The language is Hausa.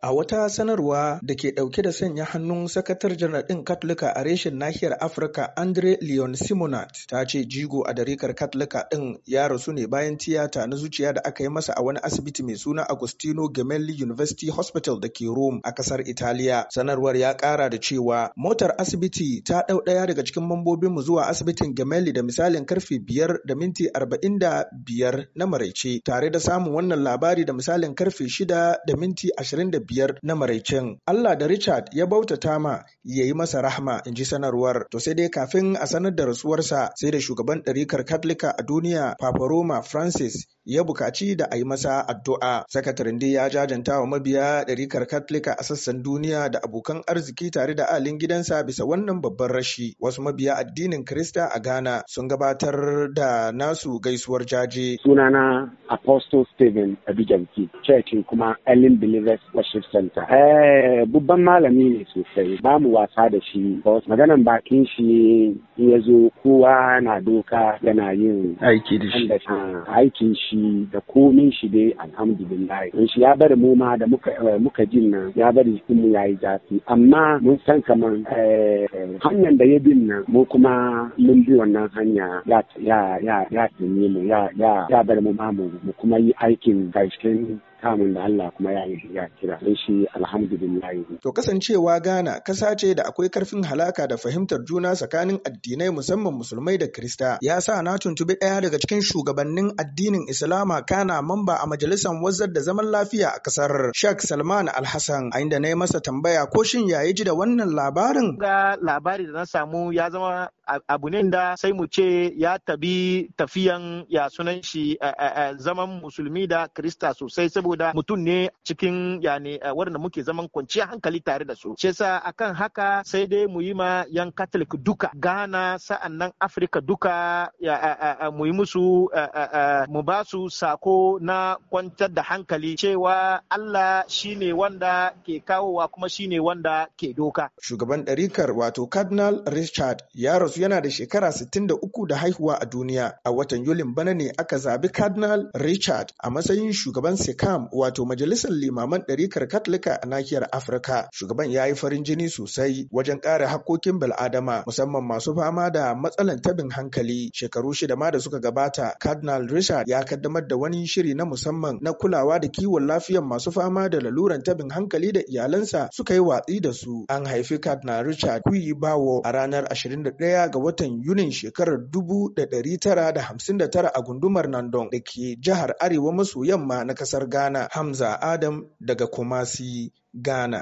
A wata sanarwa da ke ɗauke da sanya hannun sakatar janar ɗin Katolika a reshen nahiyar Afirka Andre Leon Simonat ta ce jigo a darikar Katolika ɗin ya rasu ne bayan tiyata na zuciya da aka yi masa a wani asibiti mai suna Agostino Gemelli University Hospital da ke Rome a ƙasar Italiya. Sanarwar ya ƙara da cewa motar asibiti ta ɗau ɗaya daga cikin mambobinmu zuwa asibitin Gemelli da misalin karfe biyar da minti arba'in da biyar na maraice tare da samun wannan labari da misalin karfe shida da minti ashirin da biyar na maraicin. Allah da Richard ya bauta tama ya yi masa rahma in ji sanarwar. To sai dai kafin a sanar da rasuwarsa sai da shugaban ɗarikar Katolika a duniya Papa Roma Francis ya bukaci da a yi masa addu'a. Sakataren dai ya jajanta wa mabiya ɗarikar Katolika a sassan duniya da abokan arziki tare da alin gidansa bisa wannan babban rashi. Wasu mabiya addinin Kirista a Ghana sun gabatar da nasu gaisuwar jaje. Sunana Apostle Stephen Abijanti, Cekin kuma Ellen Believers Worship Center. Eh, babban malami ne sosai, ba mu wasa da shi. Maganan bakin shi ya zo kowa na doka yana yin aiki da Aikin shi shi da komin shi dai alhamdulillah in shi ya bari mu ma da muka eh, muka jin nan ya bari jikin mu yayi zafi amma mun san kaman eh, hanyar da ya bin nan mu kuma mun bi wannan hanya ya ya ya ya mu ya ya bari mu ma mu kuma yi aikin gaishen kamun da Allah kuma ya yi ya kira don shi alhamdulillah. To kasancewa Ghana kasa ce da akwai karfin halaka da fahimtar juna tsakanin addinai musamman musulmai da Kirista ya sa na tuntubi ɗaya daga cikin shugabannin addinin Islama kana mamba a majalisar wazzar da zaman lafiya a kasar Sheikh Salman Alhassan a inda na yi masa tambaya ko shin ya ji da wannan labarin. Ga labari da na samu ya zama abu ne da sai mu ce ya tabi tafiyan ya sunan shi zaman musulmi da krista sosai saboda mutum ne cikin yani wanda muke zaman kwanciya hankali tare da su shi akan haka sai dai mu yi ma yan catholic duka ghana sa'an nan afirka duka mu yi musu mu ba su sako na kwantar da hankali cewa allah shine wanda ke kawowa kuma shine wanda ke doka shugaban ɗarikar wato cardinal richard ya rasu yana da shekara 63 da haihuwa a duniya. A watan Yulin bana ne aka zabi Cardinal Richard a matsayin shugaban SECAM wato Majalisar Limaman Ɗarikar Katolika a nahiyar Afirka. Shugaban ya yi farin jini sosai wajen ƙara hakkokin bil'adama musamman masu fama da matsalan tabin hankali. Shekaru shida ma da suka gabata Cardinal Richard ya kaddamar da wani shiri na musamman na kulawa da kiwon lafiyar masu fama da laluran tabin hankali da iyalansa suka yi watsi da su. An haifi Cardinal Richard Kuyi Bawo a ranar 21 ga watan Yunin shekarar 1959 a gundumar Nandon da ke jihar Arewa maso yamma na kasar Ghana, Hamza Adam daga Kumasi, Ghana.